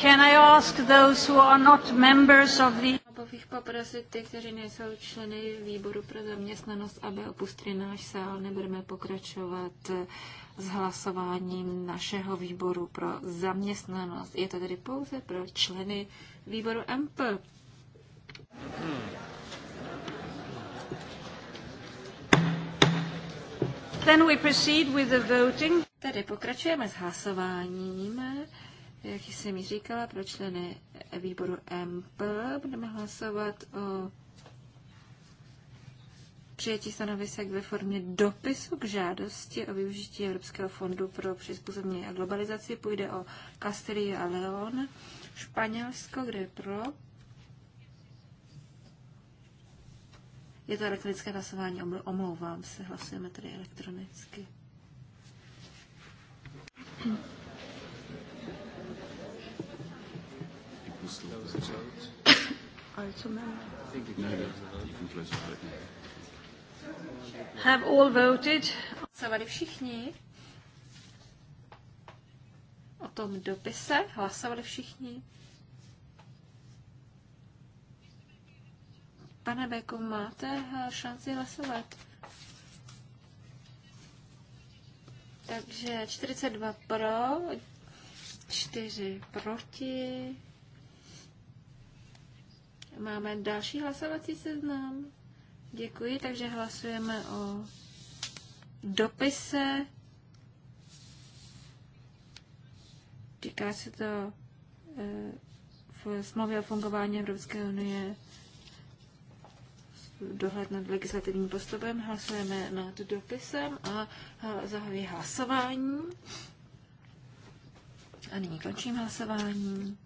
Can I ask those who are not members of the... Bych poprosit ty, kteří nejsou členy výboru pro zaměstnanost, aby opustili náš sál. Nebudeme pokračovat s hlasováním našeho výboru pro zaměstnanost. Je to tedy pouze pro členy výboru MP. Hmm. Then we proceed with the voting. Tedy pokračujeme s hlasováním jak jsem ji říkala, pro členy výboru MP budeme hlasovat o přijetí stanovisek ve formě dopisu k žádosti o využití Evropského fondu pro přizpůsobení a globalizaci. Půjde o Castilla a León, Španělsko, kde je pro. Je to elektronické hlasování, omlouvám se, hlasujeme tedy elektronicky. Hmm. Have all voted? Hlasovali všichni? O tom dopise hlasovali všichni? Pane Beku, máte šanci hlasovat? Takže 42 pro, 4 proti. Máme další hlasovací seznam. Děkuji, takže hlasujeme o dopise. Týká se to eh, v smlouvě o fungování Evropské unie dohled nad legislativním postupem, hlasujeme nad dopisem a zahajuji hlasování. A nyní končím hlasování.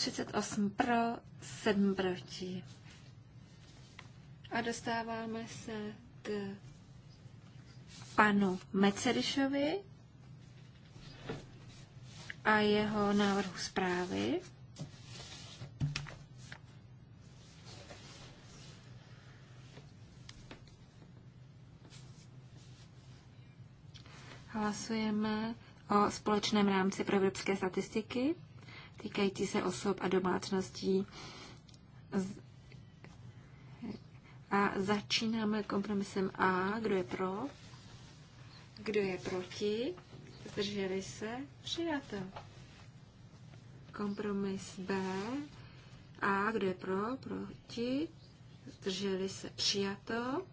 38 pro, 7 proti. A dostáváme se k panu Mecerišovi a jeho návrhu zprávy. Hlasujeme o společném rámci pro evropské statistiky týkající se osob a domácností. A začínáme kompromisem A. Kdo je pro? Kdo je proti? Zdrželi se? Přijato. Kompromis B. A. Kdo je pro? Proti? Zdrželi se? Přijato.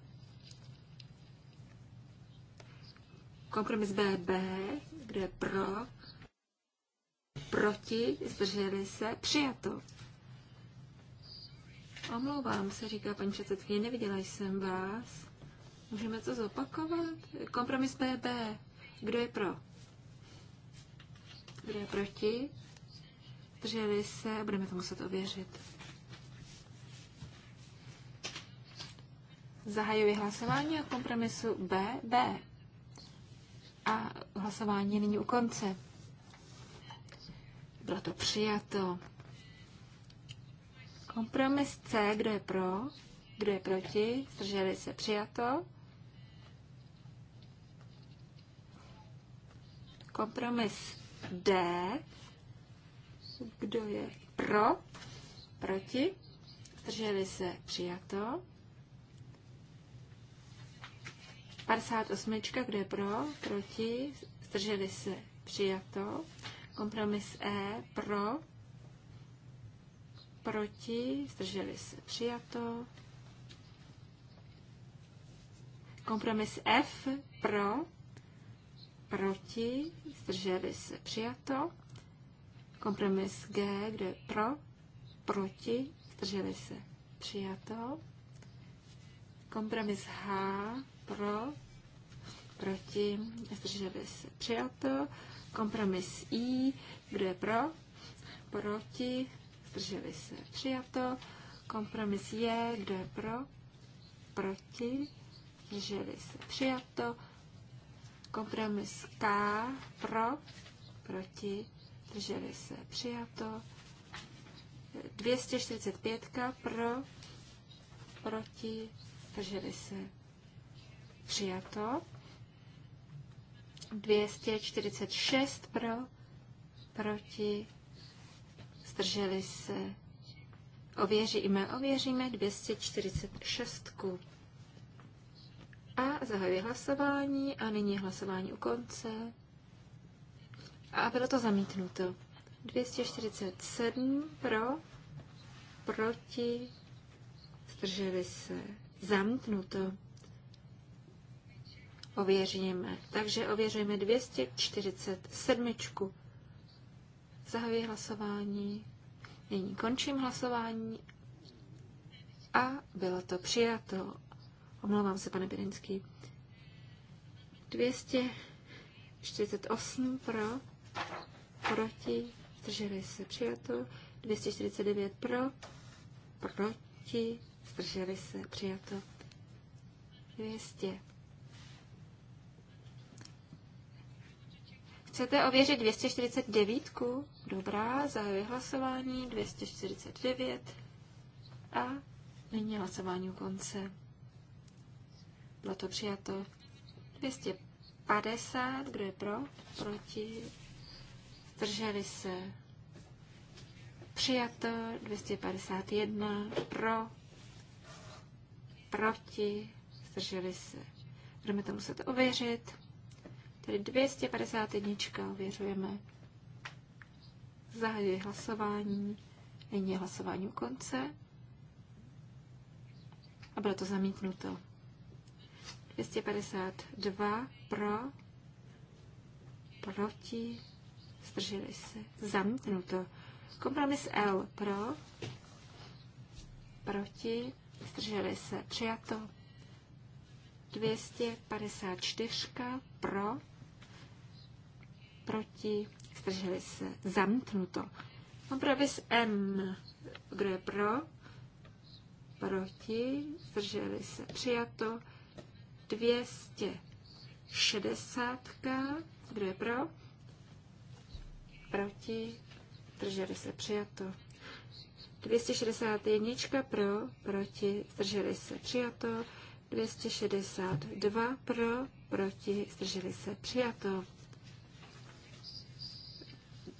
Kompromis B B, Kdo je pro? proti, zdrželi se, přijato. Omlouvám se, říká paní předsedkyně, neviděla jsem vás. Můžeme to zopakovat? Kompromis BB. Kdo je pro? Kdo je proti? Zdrželi se, budeme to muset ověřit. Zahajuji hlasování o kompromisu BB. A hlasování není u konce. Bylo to přijato. Kompromis C, kdo je pro, kdo je proti, zdrželi se přijato. Kompromis D, kdo je pro, proti, zdrželi se přijato. 58, kdo je pro, proti, zdrželi se přijato. Kompromis E pro, proti, zdrželi se přijato. Kompromis F pro, proti, zdrželi se přijato. Kompromis G, kde je pro, proti, zdrželi se přijato. Kompromis H pro, proti, zdrželi se přijato. Kompromis I, kdo je pro, proti, zdrželi se, přijato. Kompromis j kdo je pro, proti, zdrželi se, přijato. Kompromis K, pro, proti, zdrželi se, přijato. 245 pro, proti, zdrželi se, přijato. 246 pro, proti, zdrželi se. Ověříme, ověříme 246. A zahajuje hlasování a nyní hlasování u konce. A bylo to zamítnuto. 247 pro, proti, zdrželi se. Zamítnuto ověříme. Takže ověřujeme 247. Zahajuji hlasování. Nyní končím hlasování. A bylo to přijato. Omlouvám se, pane Birinský. 248 pro, proti, zdrželi se přijato. 249 pro, proti, zdrželi se přijato. 200. Chcete ověřit 249? Dobrá, zahajuji hlasování 249 a nyní hlasování u konce. Bylo to přijato 250, kdo je pro, proti, zdrželi se. Přijato 251, pro, proti, zdrželi se. Budeme to muset ověřit. Tedy 251 ověřujeme. Zahajuji hlasování. Není hlasování u konce. A bylo to zamítnuto. 252 pro, proti, zdrželi se. Zamítnuto. Kompromis L pro, proti, zdrželi se. Přijato. 254 pro, proti, zdrželi se, zamítnuto. Kompromis M, kdo je pro, proti, zdrželi se, přijato. 260, kdo je pro, proti, zdrželi se, přijato. 261 pro, proti, zdrželi se, přijato. 262 pro, proti, zdrželi se, přijato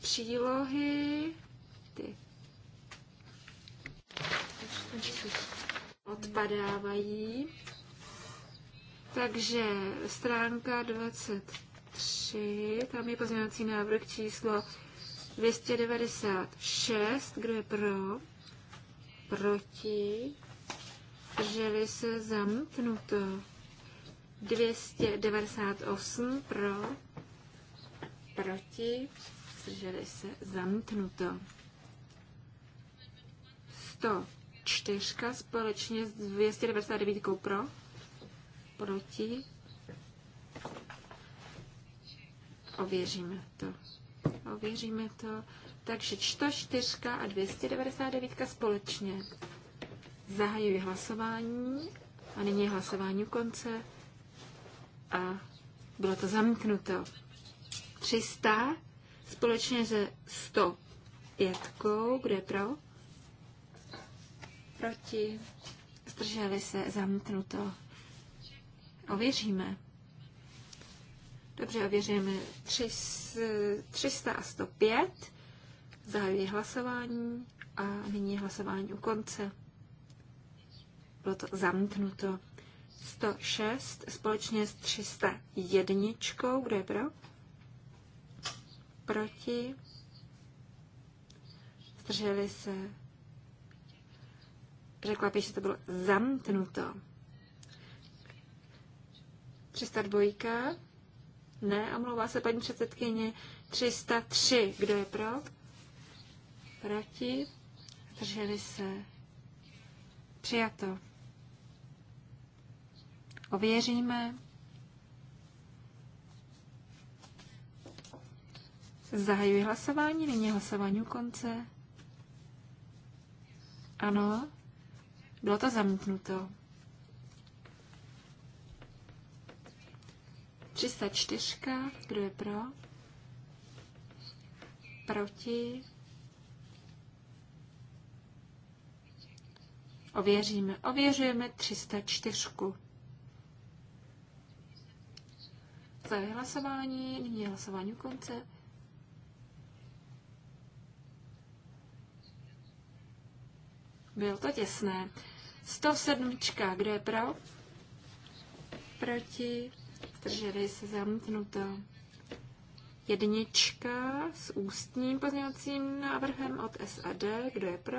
přílohy. Ty odpadávají. Takže stránka 23, tam je pozměňovací návrh číslo 296. Kdo je pro? Proti? Drželi se zamknuto. 298 pro, proti, zdrželi se, zamítnuto. 104 společně s 299 pro, proti. Ověříme to. Ověříme to. Takže 104 a 299 společně. Zahajuji hlasování a nyní je hlasování u konce a bylo to zamknuto. 300 společně se 105, kde je pro, proti, zdrželi se, zamknuto. Ověříme. Dobře, ověříme 300 a 105. Zahajuji hlasování a nyní je hlasování u konce. Bylo to zamknuto. 106 společně s 301. Kdo je pro? proti, zdrželi se. Řekla bych, že to bylo zamknuto. 302. Ne, omlouvá se paní předsedkyně. 303. Kdo je pro? Proti. Zdrželi se. Přijato. Ověříme. Zahajuji hlasování, nyní hlasování u konce. Ano, bylo to zamítnuto. 304, kdo je pro? Proti? Ověříme. Ověřujeme 304. Zahajuji hlasování, nyní hlasování u konce. Bylo to těsné. 107. Kdo je pro? Proti? Zdrželi se zamknuto. Jednička s ústním pozměňovacím návrhem od SAD. Kdo je pro?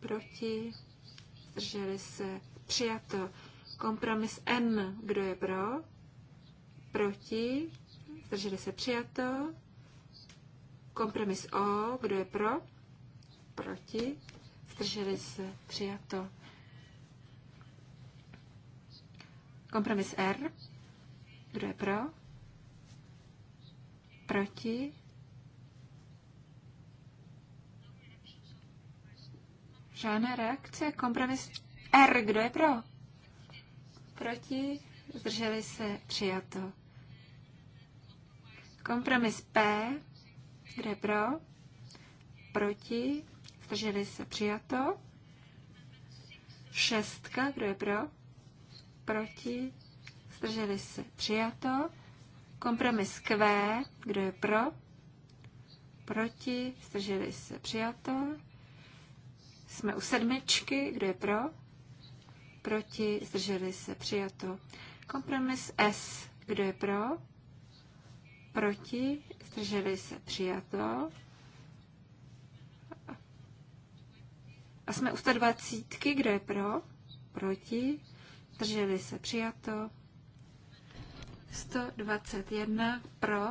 Proti? Drželi se. Přijato. Kompromis M. Kdo je pro? Proti? Drželi se. Přijato. Kompromis O. Kdo je pro? Proti? zdrželi se, přijato. Kompromis R, kdo je pro, proti, žádné reakce, kompromis R, kdo je pro, proti, zdrželi se, přijato. Kompromis P, je pro, proti, zdrželi se, přijato. Šestka, kdo je pro? Proti, zdrželi se, přijato. Kompromis Q, kdo je pro? Proti, zdrželi se, přijato. Jsme u sedmičky, kdo je pro? Proti, zdrželi se, přijato. Kompromis S, kdo je pro? Proti, zdrželi se, přijato. A jsme u 120, kdo je pro, proti, drželi se přijato. 121 pro,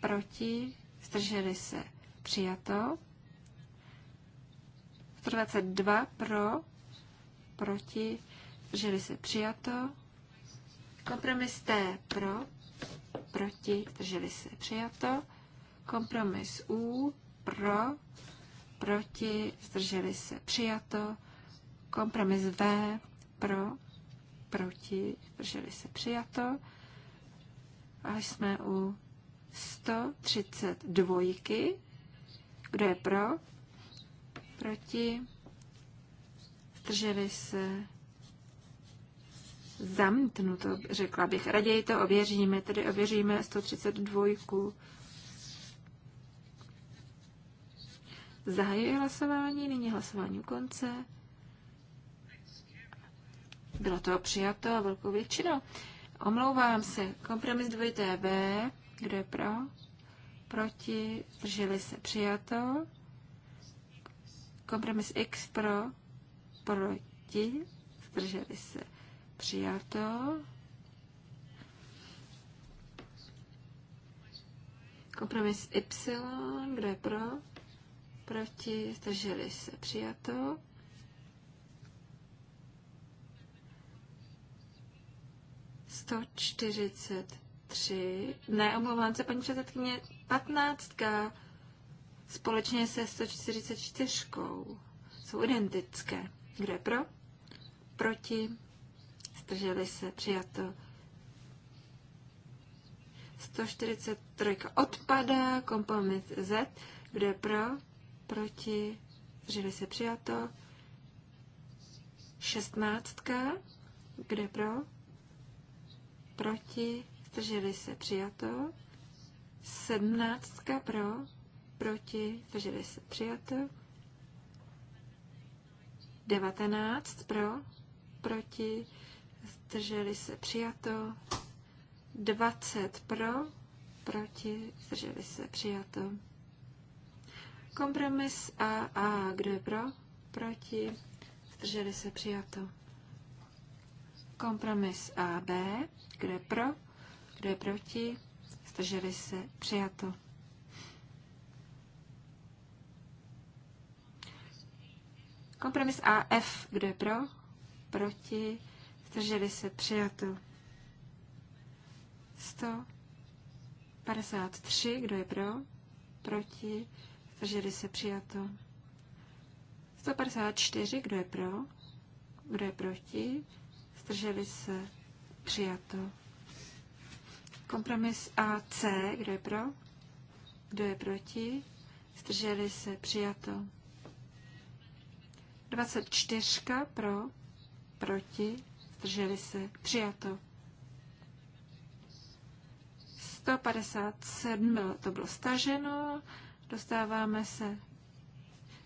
proti, zdrželi se přijato. 122 pro, proti, zdrželi se přijato. Kompromis T pro, proti, zdrželi se přijato. Kompromis U pro, proti, zdrželi se přijato, kompromis V, pro, proti, zdrželi se přijato. A jsme u 132. Kdo je pro? Proti? Zdrželi se zamítnuto, řekla bych. Raději to ověříme, tedy ověříme 132. Zahajuji hlasování, nyní hlasování u konce. Bylo to přijato a velkou většinou. Omlouvám se. Kompromis dvojité B. Kdo je pro? Proti? Drželi se přijato. Kompromis X pro? Proti? Zdrželi se přijato. Kompromis Y. Kdo je pro? proti, zdrželi se přijato. Sto čtyřicet tři, ne, omlouvám se, paní předsedkyně, patnáctka společně se 144 jsou identické. Kdo je pro? Proti? Zdrželi se, přijato. 143 odpadá, kompromis Z. Kdo je pro? proti, zdrželi se přijato. Šestnáctka, kde pro, proti, zdrželi se přijato. Sedmnáctka pro, proti, zdrželi se přijato. Devatenáct pro, proti, zdrželi se přijato. Dvacet pro, proti, zdrželi se přijato. Kompromis A. A. Kdo je pro? Proti? Zdrželi se přijato. Kompromis A. B. Kdo je pro? Kdo je proti? Zdrželi se přijato. Kompromis A. F. Kdo je pro? Proti? Zdrželi se přijato. 153. Kdo je pro? Proti? Zdrželi se přijato. 154, kdo je pro? Kdo je proti? Zdrželi se přijato. Kompromis AC, kdo je pro? Kdo je proti? Zdrželi se přijato. 24 pro, proti, zdrželi se přijato. 157 to bylo staženo, Dostáváme se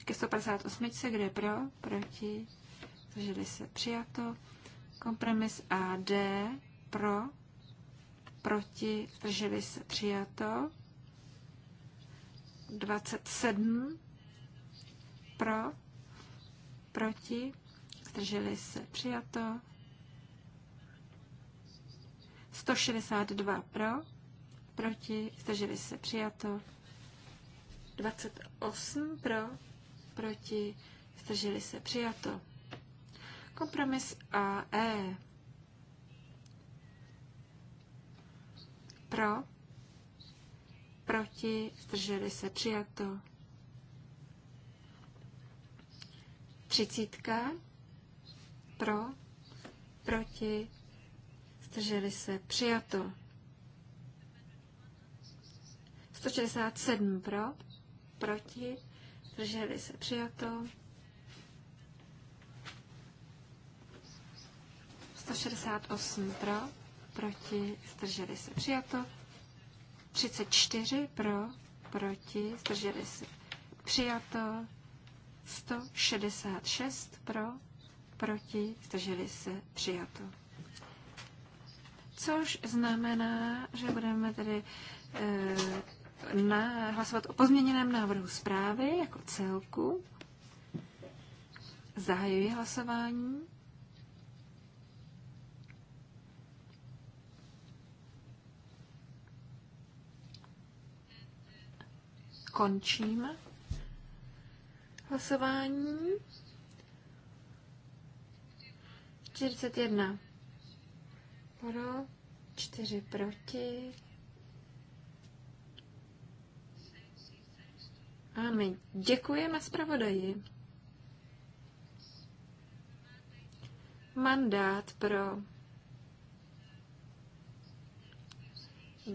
ke 158, kde je pro, proti, zdrželi se přijato. Kompromis A D, pro, proti, zdrželi se přijato. 27 pro, proti, zdrželi se přijato. 162 pro, proti, zdrželi se přijato. 28 pro, proti, zdrželi se, přijato. Kompromis A E Pro, proti, zdrželi se, přijato. Třicítka, pro, proti, zdrželi se, přijato. 167 pro, proti, drželi se přijato. 168 pro, proti, zdrželi se přijato. 34 pro, proti, zdrželi se přijato. 166 pro, proti, zdrželi se přijato. Což znamená, že budeme tedy e, na, hlasovat o pozměněném návrhu zprávy jako celku. Zahajuji hlasování. Končím hlasování. 41 pro, 4 proti. A my děkujeme zpravodaji. Mandát pro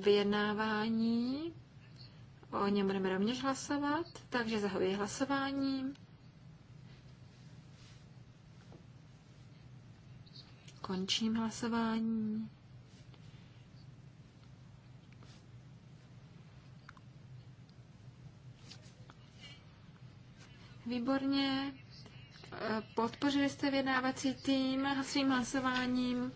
vyjednávání. O něm budeme rovněž hlasovat, takže zahajuji hlasování. Končím hlasování. Výborně. Podpořili jste vědávací tým svým hlasováním.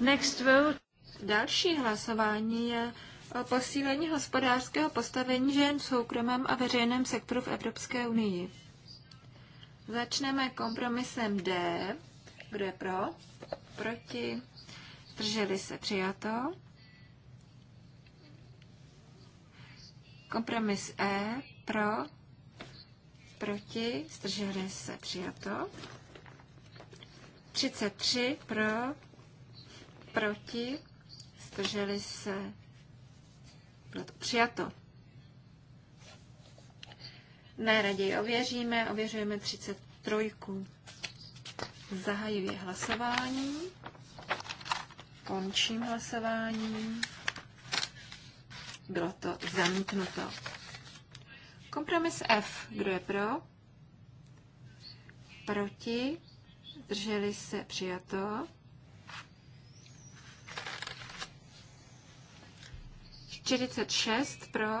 Next vote. Další hlasování je o posílení hospodářského postavení žen v soukromém a veřejném sektoru v Evropské unii. Začneme kompromisem D. Kdo je pro? Proti? Drželi se přijato. Kompromis E pro, proti, zdrželi se přijato. 33 pro, proti, zdrželi se bylo to přijato. Ne, raději ověříme, ověřujeme 33. Zahajuji hlasování. Končím hlasování. Bylo to zamítnuto. Kompromis F. Kdo je pro? Proti? Drželi se přijato. Čtyřicet šest pro,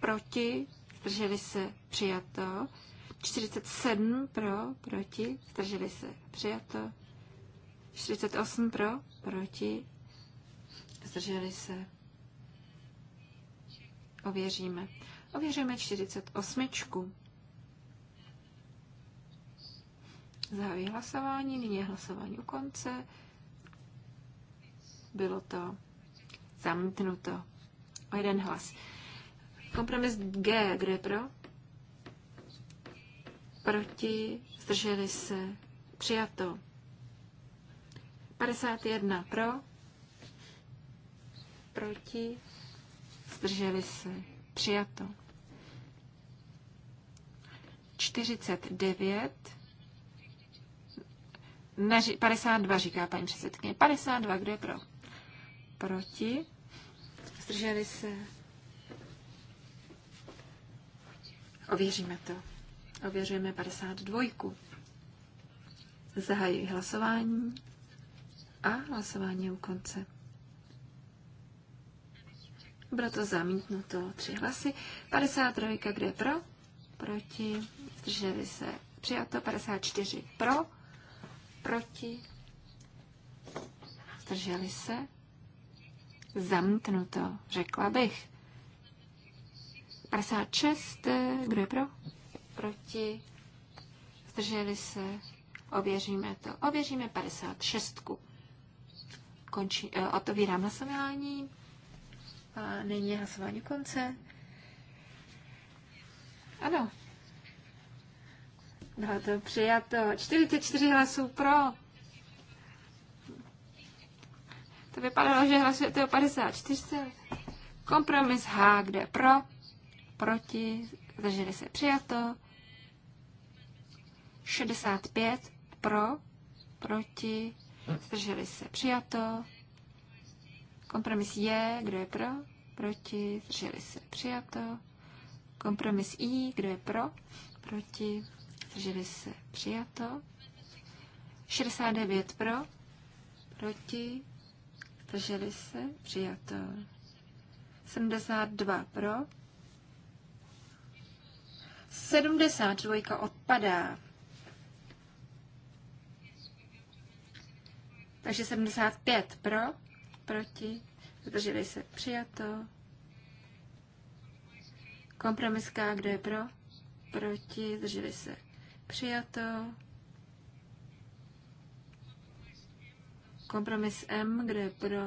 proti, drželi se přijato. 47 pro, proti, zdrželi se, přijato. 48 pro, proti, zdrželi se. Ověříme. Ověříme 48. Zahajuji hlasování, nyní je hlasování u konce. Bylo to zamítnuto o jeden hlas. Kompromis G, kde je pro? proti, zdrželi se, přijato. 51 pro, proti, zdrželi se, přijato. 49, ne, 52 říká paní předsedkyně, 52, kdo je pro? Proti, zdrželi se, ověříme to. Ověřujeme 52. Zahajuji hlasování a hlasování je u konce. Bylo to zamítnuto tři hlasy. 53, kdo je pro? Proti. Zdrželi se. Přijato 54 pro. Proti. Zdrželi se. Zamítnuto, řekla bych. 56, kdo je pro? proti, zdrželi se, ověříme to. Ověříme 56. Končí, eh, otovírám hlasování. A není hlasování konce. Ano. Bylo to přijato. 44 hlasů pro. To vypadalo, že hlasujete o 54. Kompromis H, kde pro, proti, zdrželi se přijato. 65 pro, proti, zdrželi se přijato. Kompromis je, kdo je pro, proti, zdrželi se přijato. Kompromis I, kdo je pro, proti, zdrželi se přijato. 69 pro, proti, zdrželi se přijato. 72 pro, 72 odpadá. Takže 75 pro, proti, zdrželi se přijato. Kompromis K, kdo je pro, proti, zdrželi se přijato. Kompromis M, kdo je pro,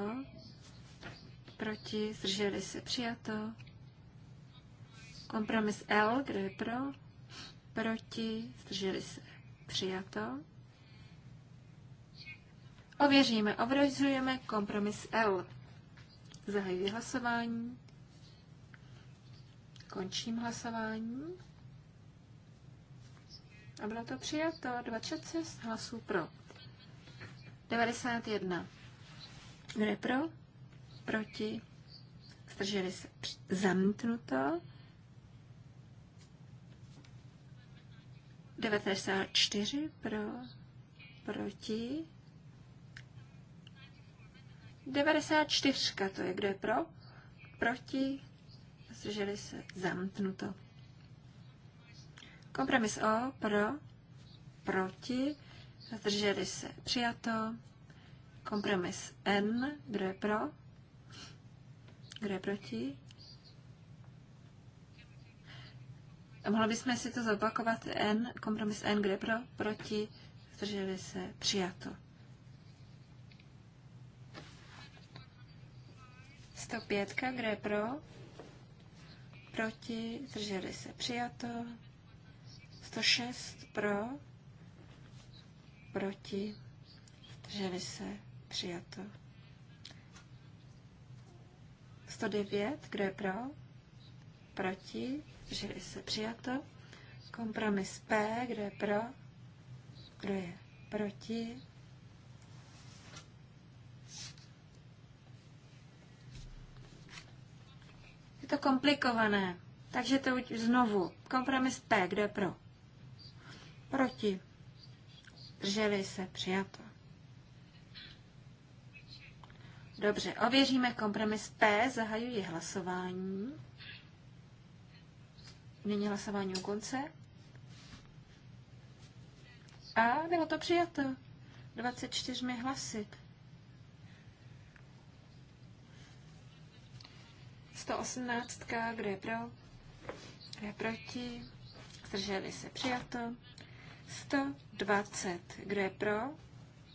proti, zdrželi se přijato. Kompromis L, kdo je pro, proti, zdrželi se přijato. Ověříme, ověřujeme kompromis L. Zahajuji hlasování. Končím hlasování. A bylo to přijato 26 hlasů pro. 91. Kdo je pro? Proti? Zdrželi se zamítnuto. 94 pro, proti, 94 to je, kdo je pro, proti, zdrželi se, zamknuto. Kompromis O, pro, proti, zdrželi se, přijato. Kompromis N, kdo je pro, kdo je proti. A mohli bychom si to zopakovat N, kompromis N, kdo je pro, proti, zdrželi se, přijato. 105, kde je pro, proti, zdrželi se přijato, 106 pro, proti, zdrželi se přijato. 109, kdo je pro, proti, zdrželi se přijato. Kompromis P, kde je pro, kdo je proti, Je to komplikované. Takže to už znovu. Kompromis P, kde pro? Proti. Drželi se, přijato. Dobře, ověříme kompromis P, zahajuji hlasování. Nyní hlasování u konce. A bylo to přijato. 24 hlasy. 118, kdo je pro, kdo je proti, zdrželi se přijato. 120, kdo je pro,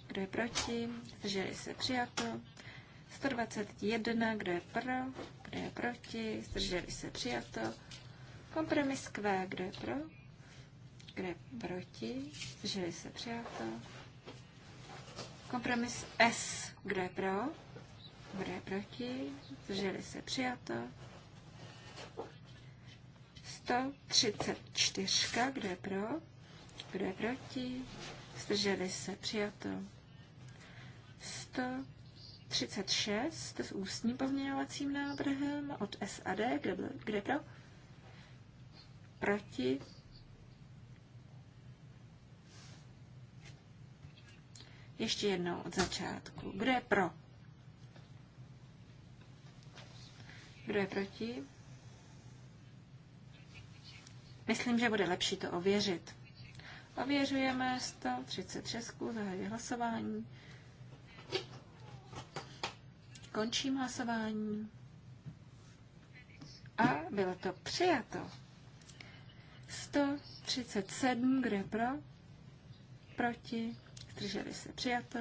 kdo je proti, zdrželi se přijato. 121, kdo je pro, kdo je proti, zdrželi se přijato. Kompromis Q, kdo je pro, kdo je proti, zdrželi se přijato. Kompromis S, kdo je pro, Dobré proti? Zdrželi se přijato. 134. Kdo je pro? Kdo je proti? Zdrželi se přijato. 136 s ústním pozměňovacím návrhem od SAD. Kde, byl, kde pro? Proti? Ještě jednou od začátku. Kdo je pro? Kdo je proti? Myslím, že bude lepší to ověřit. Ověřujeme 136, zahajuji hlasování. Končím hlasování. A bylo to přijato. 137, kdo je pro? Proti? Zdrželi se přijato.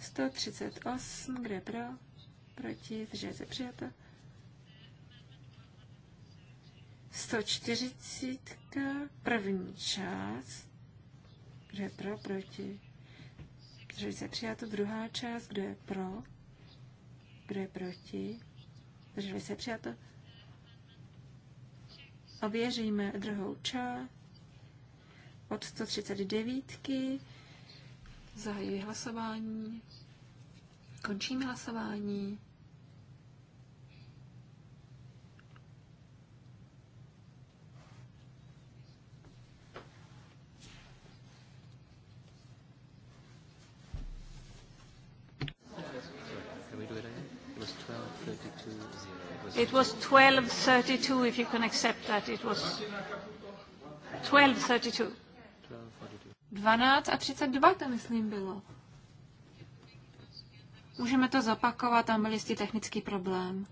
138, kdo je pro? Proti? Zdrželi se přijato. 140, první část, kdo je pro, proti, zdrželi se přijato, druhá část, kdo je pro, kdo je proti, zdrželi se přijato. Ověříme druhou část od 139. Zahajuji hlasování. Končím hlasování. It was 12.32, if you can accept that. It was 12.32. 12 a 32 to myslím bylo. Můžeme to zopakovat, tam byl jistý technický problém.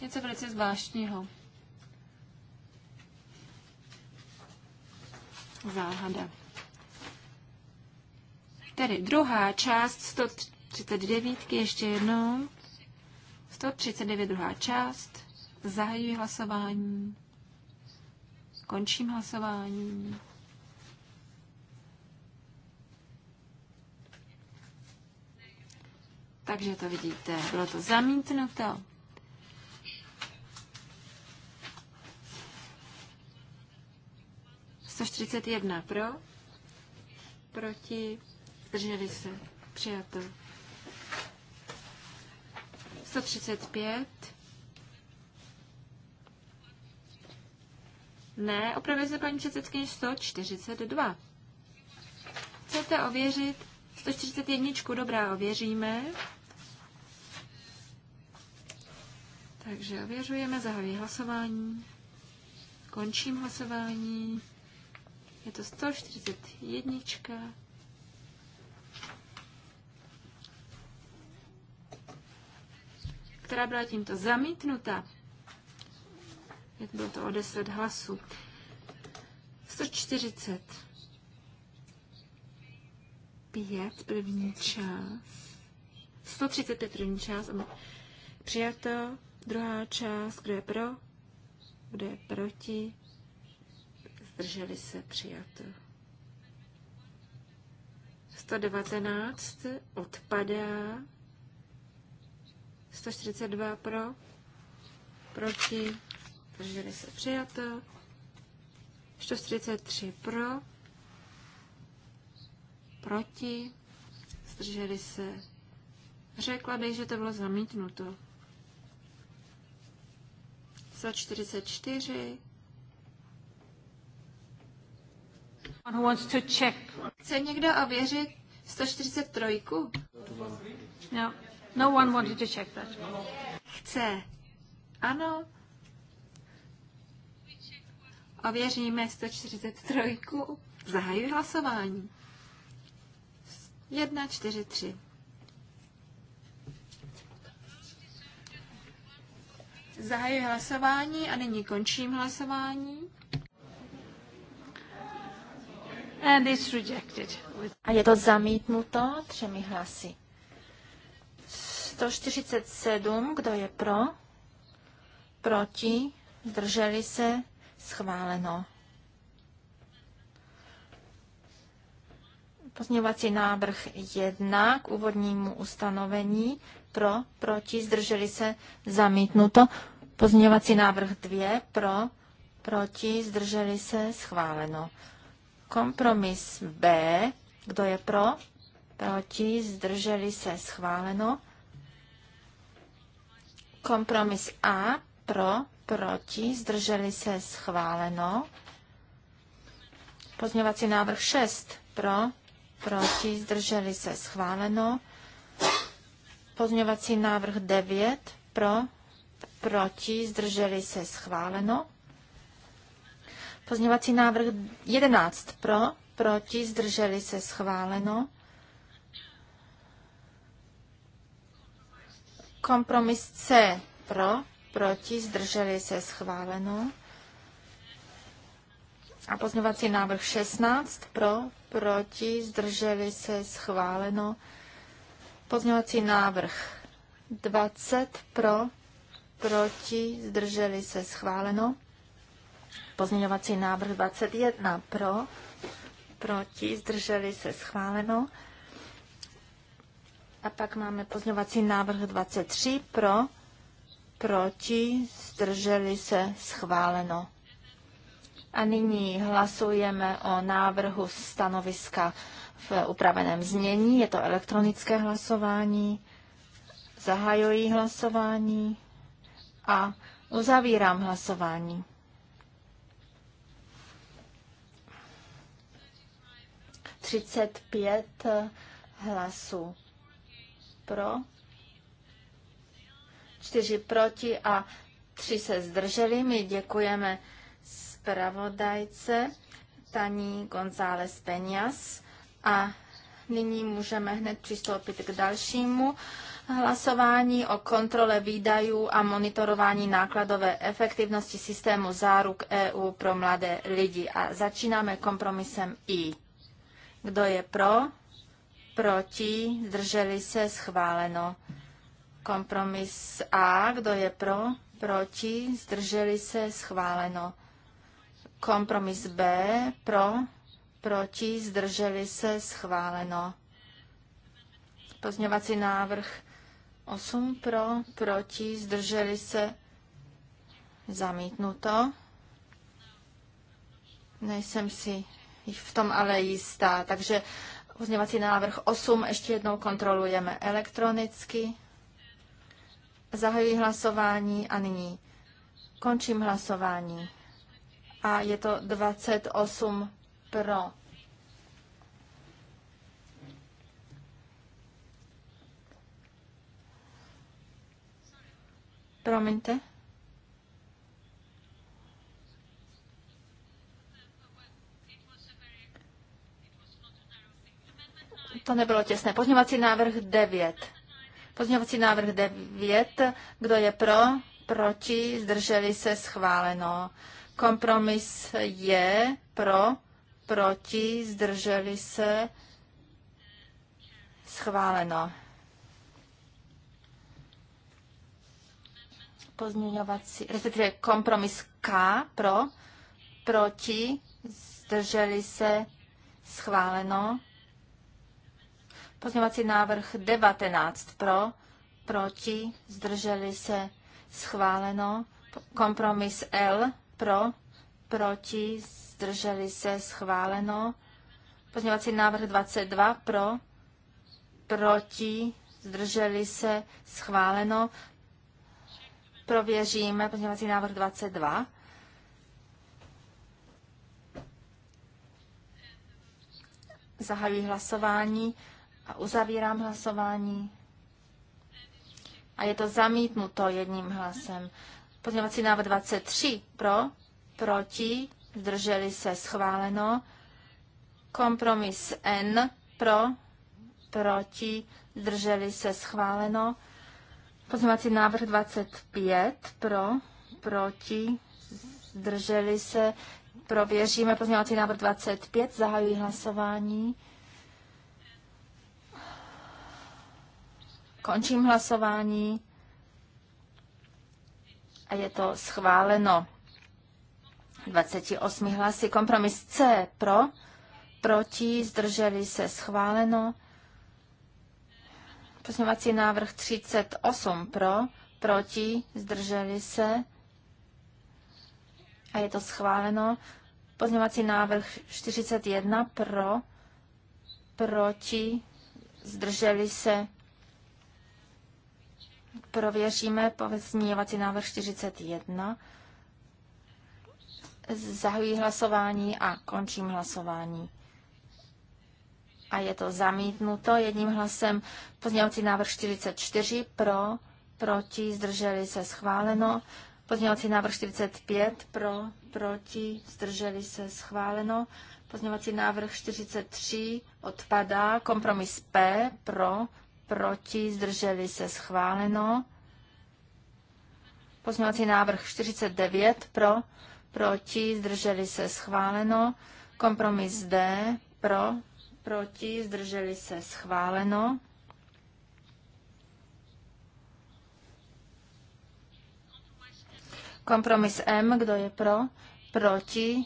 Něco velice zvláštního. Záhada. Tedy druhá část 139 ještě jednou. 139 druhá část. Zahajuji hlasování. Končím hlasování. Takže to vidíte, bylo to zamítnuto. Sto jedna pro, proti, zdrželi se, přijato. 135. Ne, opravuje se paní předsedkyně 142. Chcete ověřit 141? Dobrá, ověříme. Takže ověřujeme, zahajuji hlasování. Končím hlasování. Je to 141. která byla tímto zamítnuta. Jak bylo to o 10 hlasů. 140. Pět první část. 135 první část. Přijato. Druhá část. Kdo je pro? Kdo je proti? Zdrželi se přijato. 119 odpadá. 142 pro, proti, zdrželi se přijato. 143 pro, proti, zdrželi se. Řekla bych, že to bylo zamítnuto. 144. Chce někdo ověřit 143? No. No one wanted to check that. Chce. Ano. Ověříme 143. Zahajuji hlasování. 1, 4, 3. Zahajuji hlasování a nyní končím hlasování. And it's rejected. A je to zamítnuto třemi hlasy. 147, kdo je pro, proti, zdrželi se, schváleno. Pozměňovací návrh 1 k úvodnímu ustanovení pro, proti, zdrželi se, zamítnuto. Pozměňovací návrh 2 pro, proti, zdrželi se, schváleno. Kompromis B, kdo je pro, proti, zdrželi se, schváleno. Kompromis A pro, proti, zdrželi se schváleno. Pozměňovací návrh 6 pro, proti, zdrželi se schváleno. Pozměňovací návrh 9 pro, proti, zdrželi se schváleno. Pozměňovací návrh 11 pro, proti, zdrželi se schváleno. Kompromis C pro, proti, zdrželi se schváleno. A pozměvací návrh 16 pro, proti, zdrželi se schváleno. Pozměvací návrh 20 pro, proti, zdrželi se schváleno. Pozměňovací návrh 21 pro, proti, zdrželi se schváleno. A pak máme pozměňovací návrh 23 pro, proti, zdrželi se, schváleno. A nyní hlasujeme o návrhu stanoviska v upraveném změní. Je to elektronické hlasování. Zahajuji hlasování a uzavírám hlasování. 35 hlasů pro, čtyři proti a tři se zdrželi. My děkujeme zpravodajce Taní González Peñas a nyní můžeme hned přistoupit k dalšímu hlasování o kontrole výdajů a monitorování nákladové efektivnosti systému záruk EU pro mladé lidi. A začínáme kompromisem I. Kdo je pro? proti, zdrželi se, schváleno. Kompromis A, kdo je pro, proti, zdrželi se, schváleno. Kompromis B, pro, proti, zdrželi se, schváleno. Pozměňovací návrh 8 pro, proti, zdrželi se, zamítnuto. Nejsem si v tom ale jistá, takže Pozměňovací návrh 8 ještě jednou kontrolujeme elektronicky. Zahajuji hlasování a nyní končím hlasování. A je to 28 pro. Promiňte. To nebylo těsné. Pozměňovací návrh 9. Pozměňovací návrh 9. Kdo je pro? Proti? Zdrželi se? Schváleno. Kompromis je pro, proti, zdrželi se, schváleno. Pozměňovací, respektive kompromis K pro, proti, zdrželi se, schváleno. Pozměňovací návrh 19 pro, proti, zdrželi se schváleno. Kompromis L pro, proti, zdrželi se schváleno. Pozměňovací návrh 22 pro, proti, zdrželi se schváleno. Prověříme pozměňovací návrh 22. Zahajuji hlasování. A uzavírám hlasování. A je to zamítnuto jedním hlasem. Pozměňovací návrh 23 pro, proti, zdrželi se schváleno. Kompromis N pro, proti, zdrželi se schváleno. Pozměňovací návrh 25 pro, proti, zdrželi se. Prověříme pozměňovací návrh 25, zahajuji hlasování. Končím hlasování a je to schváleno. 28 hlasy. Kompromis C pro, proti, zdrželi se schváleno. Pozměňovací návrh 38 pro, proti, zdrželi se a je to schváleno. Pozměňovací návrh 41 pro, proti, zdrželi se Prověříme pozměňovací návrh 41. Zahují hlasování a končím hlasování. A je to zamítnuto jedním hlasem. Pozměňovací návrh 44 pro, proti, zdrželi se schváleno. Pozměňovací návrh 45 pro, proti, zdrželi se schváleno. Pozměňovací návrh 43 odpadá. Kompromis P pro, proti, zdrželi se schváleno. Pozměňovací návrh 49 pro, proti, zdrželi se schváleno. Kompromis D pro, proti, zdrželi se schváleno. Kompromis M, kdo je pro, proti,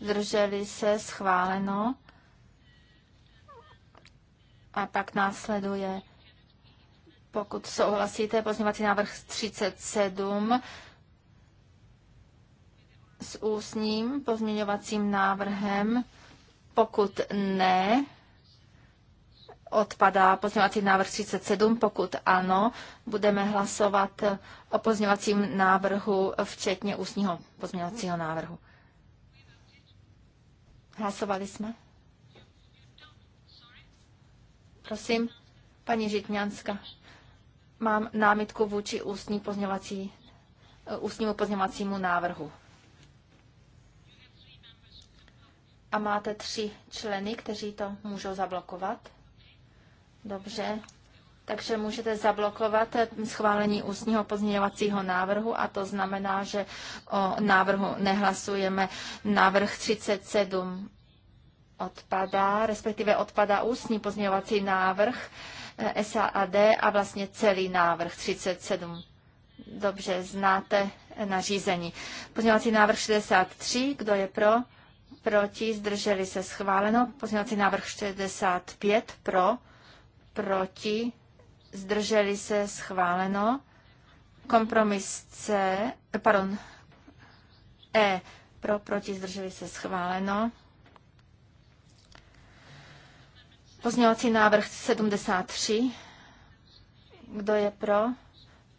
zdrželi se schváleno. A pak následuje, pokud souhlasíte, pozměňovací návrh 37 s ústním pozměňovacím návrhem. Pokud ne, odpadá pozměňovací návrh 37. Pokud ano, budeme hlasovat o pozměňovacím návrhu včetně ústního pozměňovacího návrhu. Hlasovali jsme? Prosím, paní Žitňanska, mám námitku vůči ústní pozněvací, eh, ústnímu pozněvacímu návrhu. A máte tři členy, kteří to můžou zablokovat? Dobře. Takže můžete zablokovat eh, schválení ústního pozměňovacího návrhu a to znamená, že o návrhu nehlasujeme. Návrh 37 odpadá, respektive odpadá ústní pozměňovací návrh eh, SAD a vlastně celý návrh 37. Dobře, znáte nařízení. Pozměňovací návrh 63, kdo je pro? Proti, zdrželi se schváleno. Pozměňovací návrh 65, pro? Proti, zdrželi se schváleno. Kompromis C, pardon, E, pro, proti, zdrželi se schváleno. Pozměňovací návrh 73. Kdo je pro?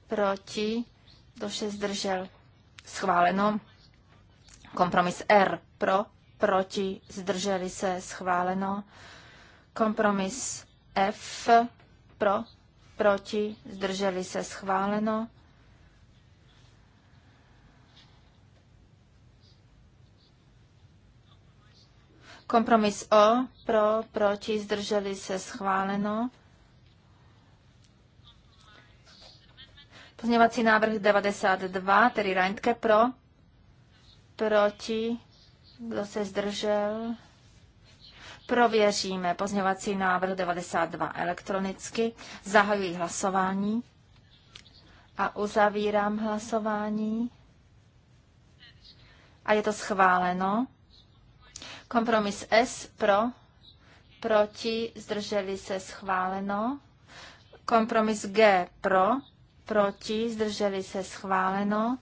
Proti? Kdo se zdržel? Schváleno. Kompromis R. Pro? Proti? Zdrželi se? Schváleno. Kompromis F. Pro? Proti? Zdrželi se? Schváleno. Kompromis O, pro, proti, zdrželi se, schváleno. Pozměňovací návrh 92, tedy Reintke pro, proti, kdo se zdržel. Prověříme pozměňovací návrh 92 elektronicky. Zahajuji hlasování a uzavírám hlasování. A je to schváleno. Kompromis S pro, proti, zdrželi se schváleno. Kompromis G pro, proti, zdrželi se schváleno.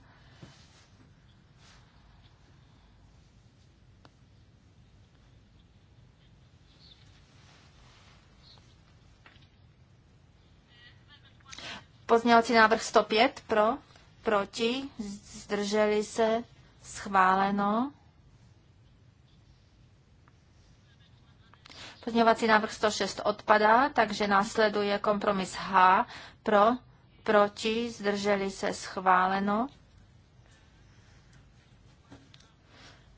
Pozměňovací návrh 105 pro, proti, zdrželi se, schváleno. Pozměňovací návrh 106 odpadá, takže následuje kompromis H pro, proti, zdrželi se schváleno.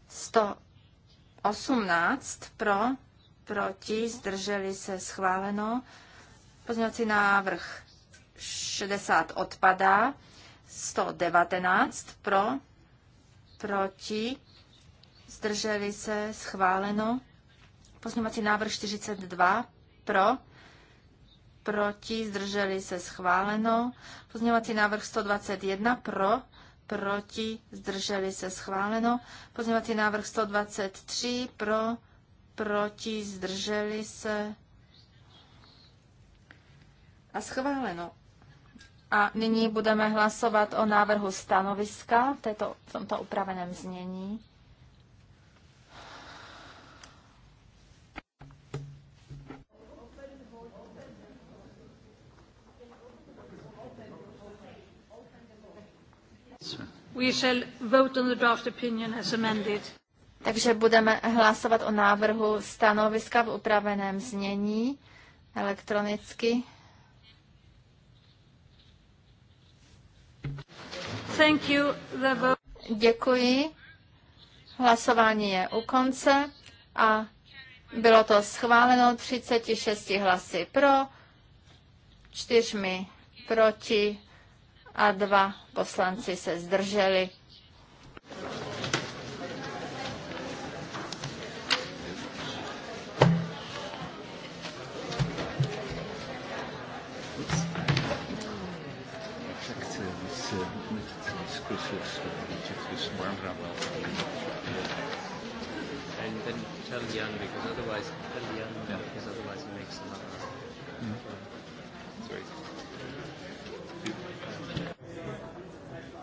118 pro, proti, zdrželi se schváleno. Pozměňovací návrh 60 odpadá, 119 pro, proti, zdrželi se schváleno. Pozměňovací návrh 42 pro, proti, zdrželi se schváleno. Pozměňovací návrh 121 pro, proti, zdrželi se schváleno. Pozměňovací návrh 123 pro, proti, zdrželi se a schváleno. A nyní budeme hlasovat o návrhu stanoviska v, této, v tomto upraveném znění. We shall vote on the draft opinion as amended. Takže budeme hlasovat o návrhu stanoviska v upraveném znění elektronicky. Thank you. The vote. Děkuji. Hlasování je u konce a bylo to schváleno 36 hlasy pro, čtyřmi proti a dva poslanci se zdrželi. And then tell Jan because otherwise tell Jan yeah. because otherwise he makes another. Mm.